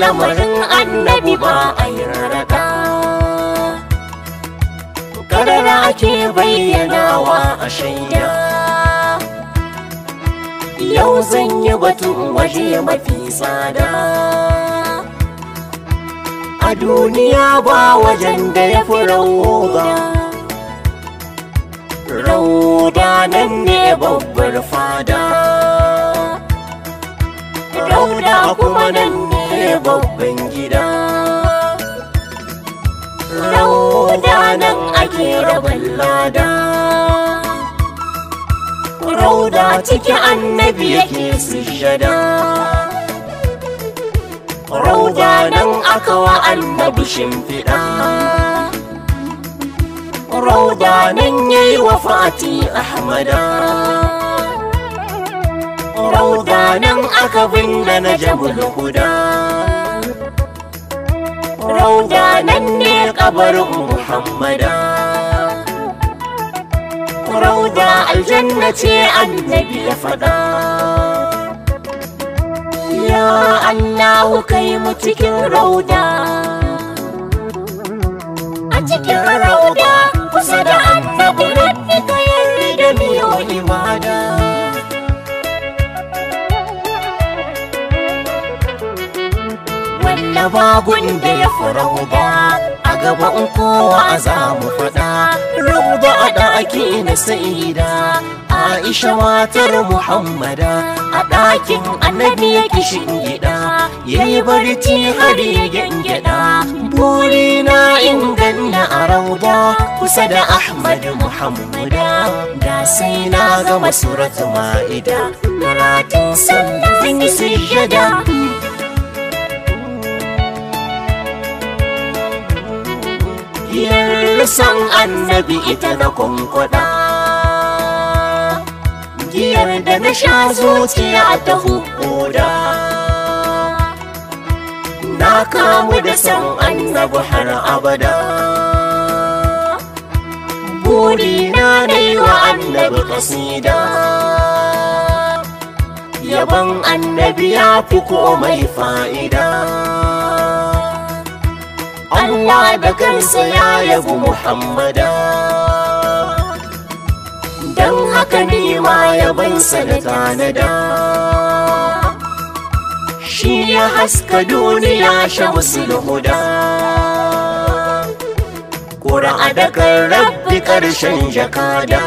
lamarin annabi ba a yi raraka karara ake bayyanawa a shaida yau zan yi batun waje mafi tsada a duniya ba wajen da ya fi rauga rauda nan ne babbar fada rauda kuma nan ne babban gida rauda nan ake rabon lada rauda ciki annabi yake sujada rauda nan aka wa annabi shimfiɗa rauda nan yayi wa fati ahmada rauda nan aka binne na jabul huda rauda nan ne kabarin muhammada rauda aljanna ce annabi ya faɗa ya Allah kai mu cikin rauda a cikin rauda kusa da annabi na bagun da ya fi rauda a gaban kowa a za mu faɗa rauda a ɗaki na sa'ida aisha matar muhammada a ɗakin annabi ya kishin gida ya yi barci har ya gyangyaɗa buri in inganna a rauba. kusa da ahmad muhammada da sai na gama suratu ma'ida karatun sallah sun yi sujjada giyar san annabi ita na kunkuɗa giyar da na sha zuciya ta hukuda na kamu da san annabi har abada burina na wa annabi kasida yaban annabi ya fi mai fa'ida Allah da kansa ya yabu Muhammada don haka ni ma yabansa da tanada shi ya haska duniya shamsul huda ƙura da kan rabbi ƙarshen jakada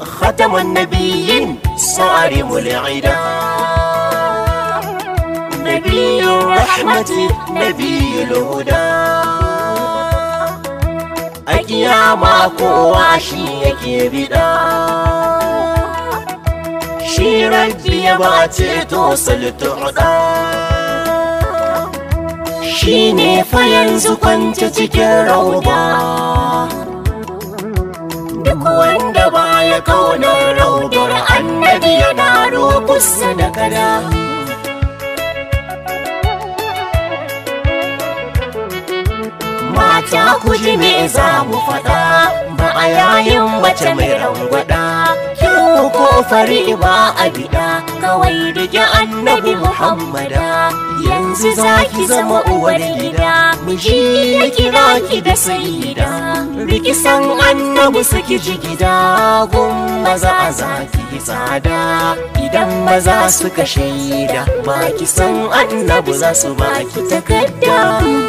khataman nabiyin sa'ari mul'ida nabiyu rahmati nabiyu huda a kiyama kowa shi yake bida shi rabbi ya ba ceto salto huda shi ne fa yanzu kwanci cikin rauba duk wanda ba ya kaunar raudar annabi yana roƙusa da kada za kuji me za mu faɗa ba a yayin mace mai rangwada ki ko fari ba a gida. kawai rike annabi muhammada yanzu za ki zama uwar gida miji ya kira ki da sayida rikisan annabi suki ji gida gun maza a zaki tsada idan maza suka shaida ba ki san annabi za su ba ki takarda